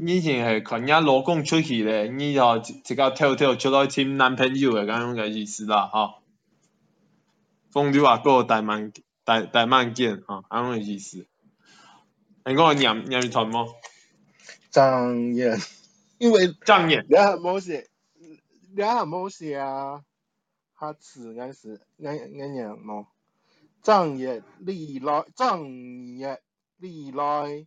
你是係看人家老公出去嘞，你就一個偷偷出來親男朋友的，咁樣個意思啦，哈、哦。風流阿哥，大慢大大慢見，哈、哦，安樣個意思。你我念念一段麼？正月，因為正月，你啊冇寫，你啊冇寫啊。下次硬是硬硬念咯。正月，你來，正月，你來。